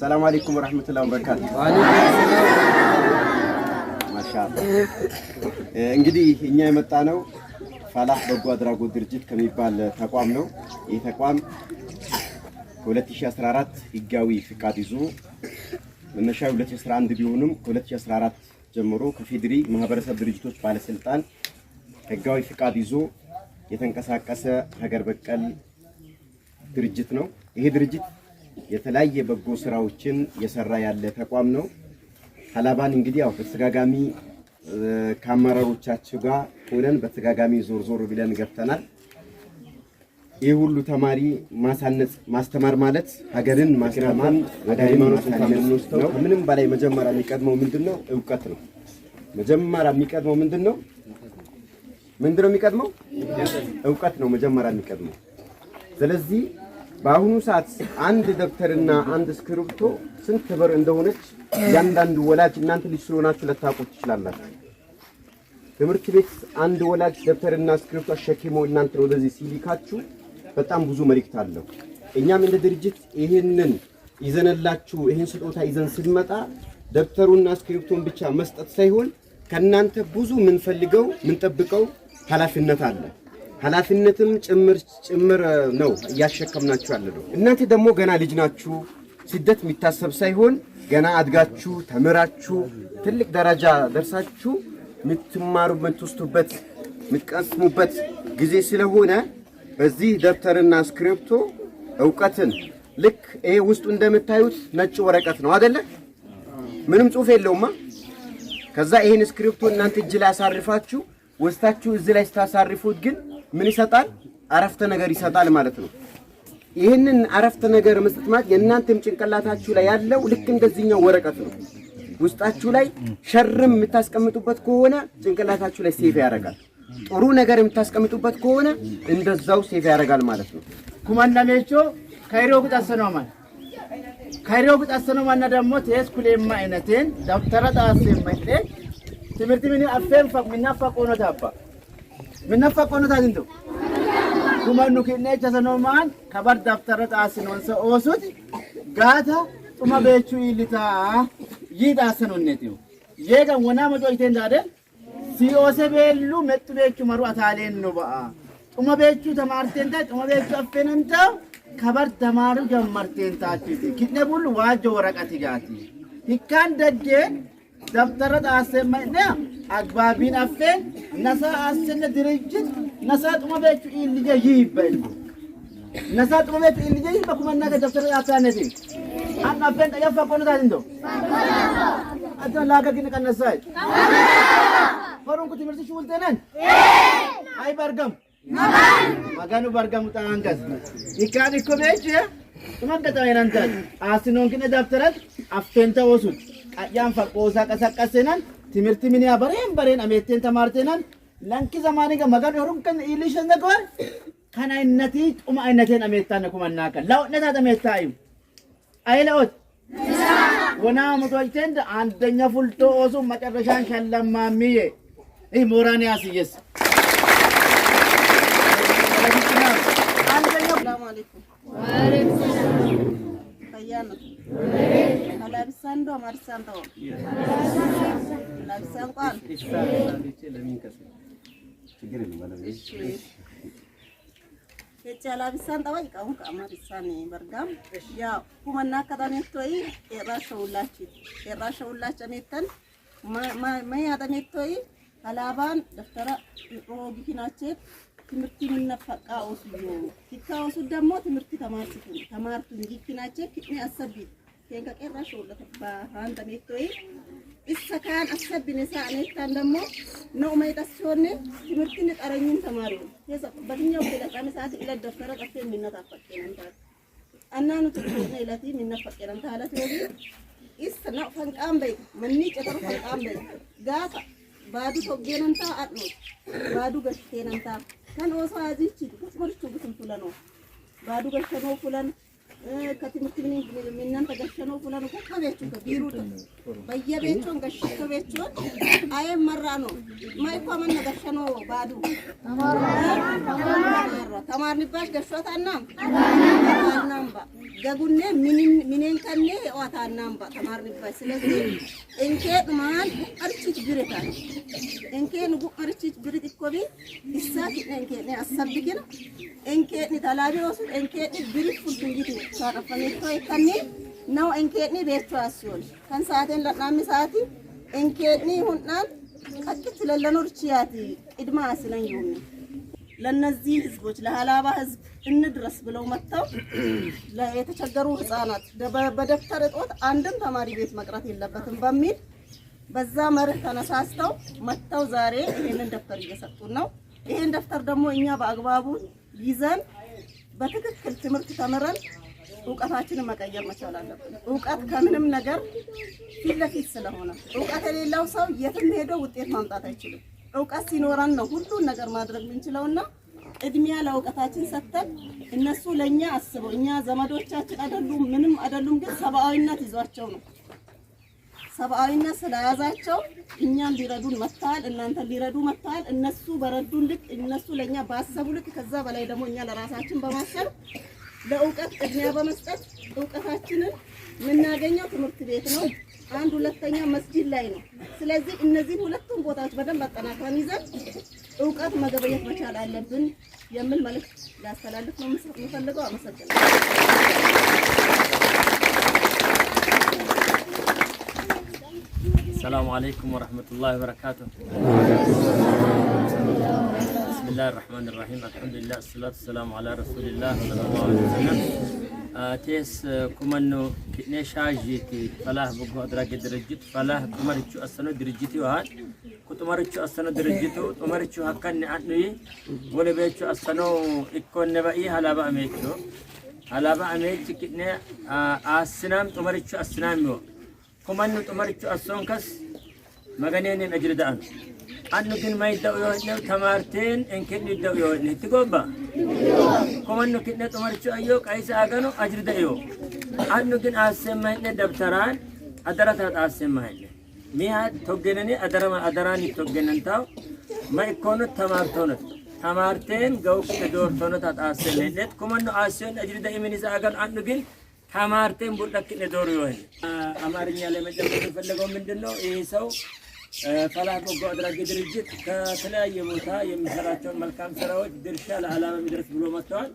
ሰላም አለይኩም ወራህመቱላ ወበረካቱ። ማሻአላ እንግዲህ እኛ የመጣ ነው ፋላህ በጎ አድራጎት ድርጅት ከሚባል ተቋም ነው። ይህ ተቋም ከ2014 ህጋዊ ፍቃድ ይዞ መነሻው 2011 ቢሆንም ከ2014 ጀምሮ ከፌድሪ ማህበረሰብ ድርጅቶች ባለስልጣን ህጋዊ ፍቃድ ይዞ የተንቀሳቀሰ ሀገር በቀል ድርጅት ነው። ይሄ ድርጅት የተለያየ በጎ ስራዎችን እየሰራ ያለ ተቋም ነው። ሀላባን እንግዲህ ያው በተደጋጋሚ ከአመራሮቻችሁ ጋር ሆነን በተደጋጋሚ ዞር ዞር ብለን ገብተናል። ይህ ሁሉ ተማሪ ማሳነጽ ማስተማር ማለት ሀገርን ማስተማር ወደ ሃይማኖት ነው። ከምንም በላይ መጀመሪያ የሚቀድመው ምንድን ነው? እውቀት ነው። መጀመሪያ የሚቀድመው ምንድን ነው? ምንድን ነው የሚቀድመው? እውቀት ነው መጀመሪያ የሚቀድመው። ስለዚህ በአሁኑ ሰዓት አንድ ደብተርና አንድ እስክሪብቶ ስንት ብር እንደሆነች ያንዳንዱ ወላጅ እናንተ ልጅ ስለሆናችሁ ልታውቁት ትችላላችሁ። ትምህርት ቤት አንድ ወላጅ ደብተርና እስክሪብቶ አሸክሞ እናንተ ወደዚህ ሲሊካችሁ በጣም ብዙ መልእክት አለው። እኛም እንደ ድርጅት ይህንን ይዘንላችሁ ይህን ስጦታ ይዘን ስንመጣ ደብተሩና እስክሪብቶን ብቻ መስጠት ሳይሆን ከእናንተ ብዙ የምንፈልገው የምንጠብቀው ኃላፊነት አለ። ኃላፊነትም ጭምር ጭምር ነው እያሸከምናችሁ ያለ ነው። እናንተ ደግሞ ገና ልጅ ናችሁ። ስደት የሚታሰብ ሳይሆን ገና አድጋችሁ ተምራችሁ ትልቅ ደረጃ ደርሳችሁ የምትማሩ የምትወስዱበት የምትቀስሙበት ጊዜ ስለሆነ በዚህ ደብተርና እስክሪብቶ እውቀትን ልክ ይሄ ውስጡ እንደምታዩት ነጭ ወረቀት ነው አደለ? ምንም ጽሁፍ የለውማ። ከዛ ይሄን እስክሪብቶ እናንተ እጅ ላይ አሳርፋችሁ ወስታችሁ እዚህ ላይ ስታሳርፉት ግን ምን ይሰጣል? አረፍተ ነገር ይሰጣል ማለት ነው። ይህንን አረፍተ ነገር መስጠት ማለት የእናንተም ጭንቅላታችሁ ላይ ያለው ልክ እንደዚህኛው ወረቀት ነው። ውስጣችሁ ላይ ሸርም የምታስቀምጡበት ከሆነ ጭንቅላታችሁ ላይ ሴፍ ያደርጋል። ጥሩ ነገር የምታስቀምጡበት ከሆነ እንደዛው ሴፍ ያደርጋል ማለት ነው። ኩማና ሜቾ ከይሮ ግጣሰነው ማለት ከይሮ ግጣሰነው ማለት ደግሞ ተስኩሌማ አይነቴን ዳክተራ ዳሴ ማለት ትምህርት ምን አፈን ፈቅ ምናፈቆ ነው ታባ minnaffaqoonota asintu dhuma nu kinneecha sanoomaan kabar daftara xaasinoonsa oosuti gaata dhuma beechuu illitaa yii xaasanoonneetiu yeegan wanaa macoo iteen daadeen ሲኦሴ ቤሉ መጡ ቤቹ መሩ አታሌን ነው በአ ጡመ ቤቹ ተማርቴንታ ጡመ ቤቹ አፈነንታ ከበር ተማሩ ጀመርቴንታች ኪትነ ቡሉ ዋጆ ወረቀት ጋቲ ሂካን ደጌ دفترت አሰማና አግባቢን አፍተን ነሳ አስነ ድርጅት ነሳ ጥመቤቹ ኢልጀ ይይበል ነሳ ጥመቤቹ ኢልጀ ይበኩመና ከደፍተር አታነቲ አና ፈን ጠየፋ ቆንታ እንዶ አታ ላከኪን ቀነሳይ ፈሩንኩ ትምህርት ሽውልተነን አይ በርገም maganu bargamu taangas ikani komeche tumakata enantas asinonkin daftarat aftenta wosut ያን ፈቆሳ ቀሰቀሰናን ትምህርት ምን ያበረን በረን አሜቴን ተማርተናን ለንኪ ዘማኒ ጋ መጋን ኦሩም ከን ኢሊሽ ነገር ከን አይነቲ ጡማ አይነቴን አሜታ ኩማናከ ከን ለውነታ ተሜታ አይለውት ወና ሙቶይቴን አንደኛ ፉልቶ ኦሱ መጨረሻን ሸለማሚዬ ይህ ሞራን ያስየስ አንደኛ ሰላም አለይኩም ወአለይኩም ሰላም ታያና ለብሰን ዶ መርሰን ዶ ለብሰን ቆል ሄቻ ላብሳን ጠባይ ቀሙ ከአማርሳን በርጋም ያ ኩመና ከጠሜቶይ ኤራ ሸውላች ኤራ ሸውላች ጠሜተን መያ ጠሜቶይ አላባን ደፍተራ ኦጊኪናቼት ትምህርቲ ምነፈቃ ወስዩ ኪካ ወሱ ደግሞ ትምህርቲ ተማርቱ ተማርቱ ጊኪናቼ ኪኒ አሰቢት issakaan asabin isaa aneettaan dammoo na'umay qassoonne timirtinni qaranyuun tamaaru keessa batinyaa ofii dhaqaan isaati ila daftara qabtee minnataaf fakkeenan taate annaa nuti qoodne ilatii minnaaf fakkeenan taala ta'eefi isa na fanqaan bayi manni qotara fanqaan bayi gaafa baadu toggeenan ta'a adhuuti baadu gashiteenan ta'a kan osoo haajichi gorchuu bisin fulanoo baadu gashanoo fulanoo. ከትምህርት ሚኒስትር እናንተ ገሸኖ ፉለን እኮ ከቤቱ ቢሩ በየቤቱን ገሸቶ ቤቱን አየም መራ ነው ማይኮመን ገሸኖ ባዱ ተማርንባሽ ገሾታናም ታናምባ ገጉኔ ሚኒን ከኔ ኦታናምባ ተማርንባሽ ስለዚህ እንኬ ዱማን ጉቀርችት ብርታ እንኬን ጉቀርችት ብርት እኮቢ እሳት እንኬ አሰብክን እንኬ ተላቢ ወሱ እንኬ ብርት ፉልትንጂት saaqaffaniittoo hiikkanii nama inkeedni beektuwaasiyoon kan saateen ladhaamni saati inkeedni hundaan qaccitti ለለኖር ችያት ቅድማ አስለን ይሁን ለነዚህ ህዝቦች ለሀላባ ህዝብ እንድረስ ብለው መጥተው የተቸገሩ ህፃናት በደብተር እጦት አንድም ተማሪ ቤት መቅረት የለበትም በሚል በዛ መርህ ተነሳስተው መጥተው ዛሬ ይሄንን ደብተር እየሰጡን ነው። ይሄን ደብተር ደግሞ እኛ በአግባቡ ይዘን በትክክል ትምህርት ተምረን እውቀታችንን መቀየር መቻል አለብን። እውቀት ከምንም ነገር ፊት ለፊት ስለሆነ እውቀት የሌለው ሰው የትም ሄዶ ውጤት ማምጣት አይችልም። እውቀት ሲኖረን ነው ሁሉን ነገር ማድረግ የምንችለውና ቅድሚያ ለእውቀታችን ሰጥተን እነሱ ለእኛ አስበው እኛ ዘመዶቻችን አይደሉም፣ ምንም አይደሉም፣ ግን ሰብአዊነት ይዟቸው ነው ሰብአዊነት ስለያዛቸው እኛም ሊረዱን መጥተዋል። እናንተ ሊረዱ መጥተዋል። እነሱ በረዱን ልክ እነሱ ለእኛ ባሰቡ ልክ ከዛ በላይ ደግሞ እኛ ለራሳችን በማሰብ ለእውቀት ቅድሚያ በመስጠት እውቀታችንን የምናገኘው ትምህርት ቤት ነው። አንድ ሁለተኛ መስጂድ ላይ ነው። ስለዚህ እነዚህን ሁለቱም ቦታዎች በደንብ አጠናክረን ይዘን እውቀት መገበየት መቻል አለብን የሚል መልእክት ላስተላልፍ ነው የምፈልገው። አመሰግናለሁ። ሰላሙ አለይኩም ወረህመቱላሂ ወበረካቱሁ። الله الرحمن الرحيم الحمد لله الصلاة والسلام على رسول الله صلى الله عليه وسلم تيس كمانو كني شاجيتي فلاه بقو أدراك درجت فلاه تمرتشو أسنو درجتي وهاد كتمرتشو أسنو درجتو تمرتشو هكاني نعطني ولي بيتشو أسنو إكون نبائي هلا بقى هلا بقى كتني أسنام تمرتشو أسنامو كمانو تمرتشو أسنو كس مغنيني نجردان አንኑክን ማይተው ይወድነው ተማርቴን እንክንደው ይወድነ ትጎባ ኮመኑ ክነ ጦመርቹ አዮ ቀይሰ አገኑ አጅርደ ዮ አንኑክን አሰማይነ ደብተራን አደረታት አሰማይነ ሚያ ተገነኔ አደረማ አደራን ይተገነንታው ማይኮኑ ተማርቶነት ተማርቴን ገው ከዶር ቶነት ኮመኑ አሰን አጅርደ ኢምኒስ አገኑ አንኑክን ተማርቴን ቡልከነ ዶር ይወድነ አማርኛ ለመደብ የፈለገው ምንድነው ይሄ ሰው ፈላህ በጎ አድራጊ ድርጅት ከተለያየ ቦታ የሚሰራቸውን መልካም ስራዎች ድርሻ ለሀላባ የሚደርስ ብሎ መጥተዋል።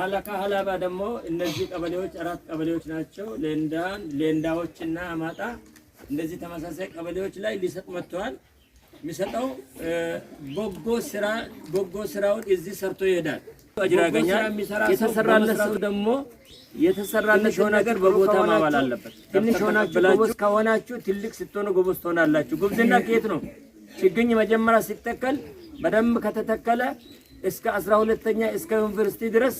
ሀላካ ሀላባ ደግሞ እነዚህ ቀበሌዎች አራት ቀበሌዎች ናቸው። ሌንዳን፣ ሌንዳዎች እና አማጣ እንደዚህ ተመሳሳይ ቀበሌዎች ላይ ሊሰጥ መጥተዋል። የሚሰጠው በጎ ስራ በጎ ስራውን እዚህ ሰርቶ ይሄዳል። አጅር ያገኛል። የተሰራለት ሰው ደግሞ የተሰራለት ሰው ነገር በቦታ ማዋል አለበት። ትንሽ ሆናችሁ ጎበዝ ከሆናችሁ ትልቅ ስትሆኑ ጎበዝ ትሆናላችሁ። ጉብዝና ከየት ነው? ችግኝ መጀመሪያ ሲተከል በደንብ ከተተከለ እስከ አስራ ሁለተኛ እስከ ዩኒቨርሲቲ ድረስ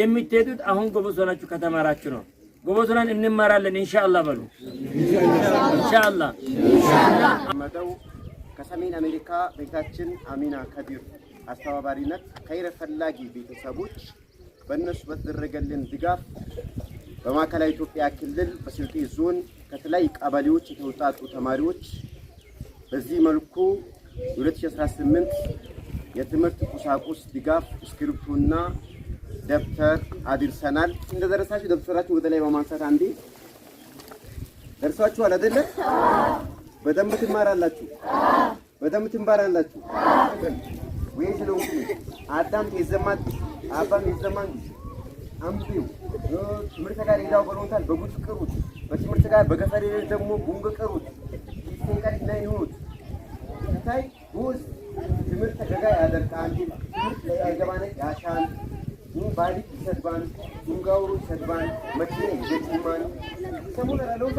የምትሄዱት አሁን ጎበዝ ሆናችሁ ከተማራችሁ ነው። ጎበዝ ሆነን እንማራለን። ኢንሻአላህ በሉ ኢንሻአላህ ከሰሜን አሜሪካ ቤታችን አሚና ከቢር አስተባባሪነት ከይረ ፈላጊ ቤተሰቦች በእነሱ በተደረገልን ድጋፍ በማዕከላዊ ኢትዮጵያ ክልል በስልጤ ዞን ከተለያዩ ቀበሌዎች የተውጣጡ ተማሪዎች በዚህ መልኩ 2018 የትምህርት ቁሳቁስ ድጋፍ እስክሪብቶና ደብተር አድርሰናል። እንደደረሳችሁ ደብተራችሁ ወደ ላይ በማንሳት አንዴ ደርሳችኋል አይደለ? በደንብ ትማራላችሁ፣ በደንብ ትንባራላችሁ። ወይስ ነው አዳም ይዘማል፣ አባም ይዘማል። አምጪው ትምህርት ጋር ይዳው ብለውታል። በጉጭ ቅሩት፣ በትምህርት ጋር በገፈሬ ደግሞ ጉንግ ቅሩት። ይፈቀድ ላይ ይሁን እንታይ ጉዝ ትምህርት ከጋ ያደርቃል። ትምህርት ያገባነ ያሻል ባዲ ይሰድባል፣ ጉንጋውሩ ይሰድባል፣ መኪና ይገጭማል። ሰሙን አላለውም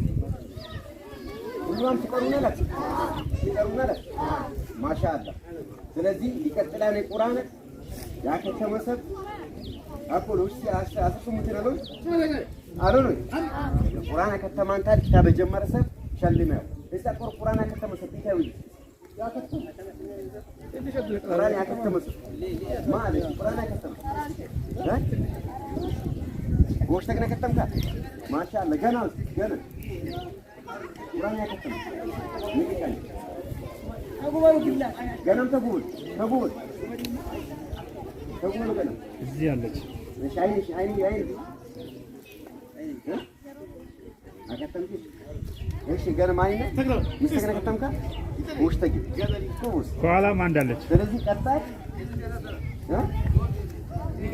ሁሉም ትቀሩና ናቸው ትቀሩና ናቸው። ማሻአላ። ስለዚህ ሊቀጥላን ቁርአን ያከተመሰብ አኮሎ ውስጥ አስስሙት ነው አሎሎ ቁርአን ከተማንታ ኪታብ ጀመረ ሰብ ሸልመ እዛ ቆር ቁርአን ከተመሰብ ይታዩ ቁርአን ያከተመሰብ ማለት ቁርአን ያከተመሰብ ጎሽ ተግነ ከተምካ ማሻአላ ገና ገና እዚህ አለች። ከኋላም አንድ አለች። ስለዚህ ቀጣች። እሺ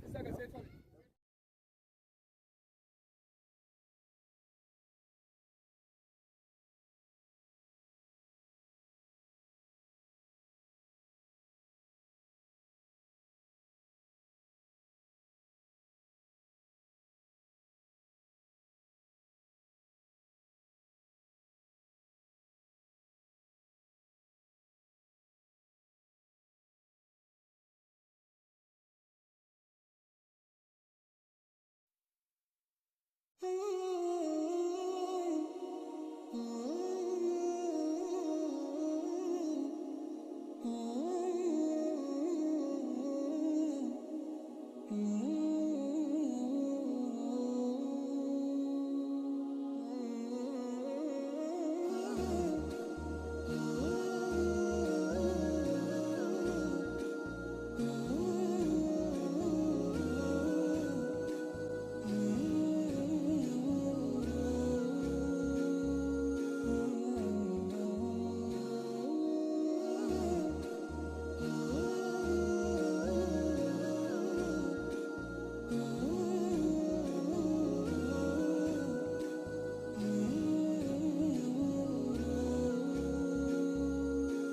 Ooh. Mm-hmm.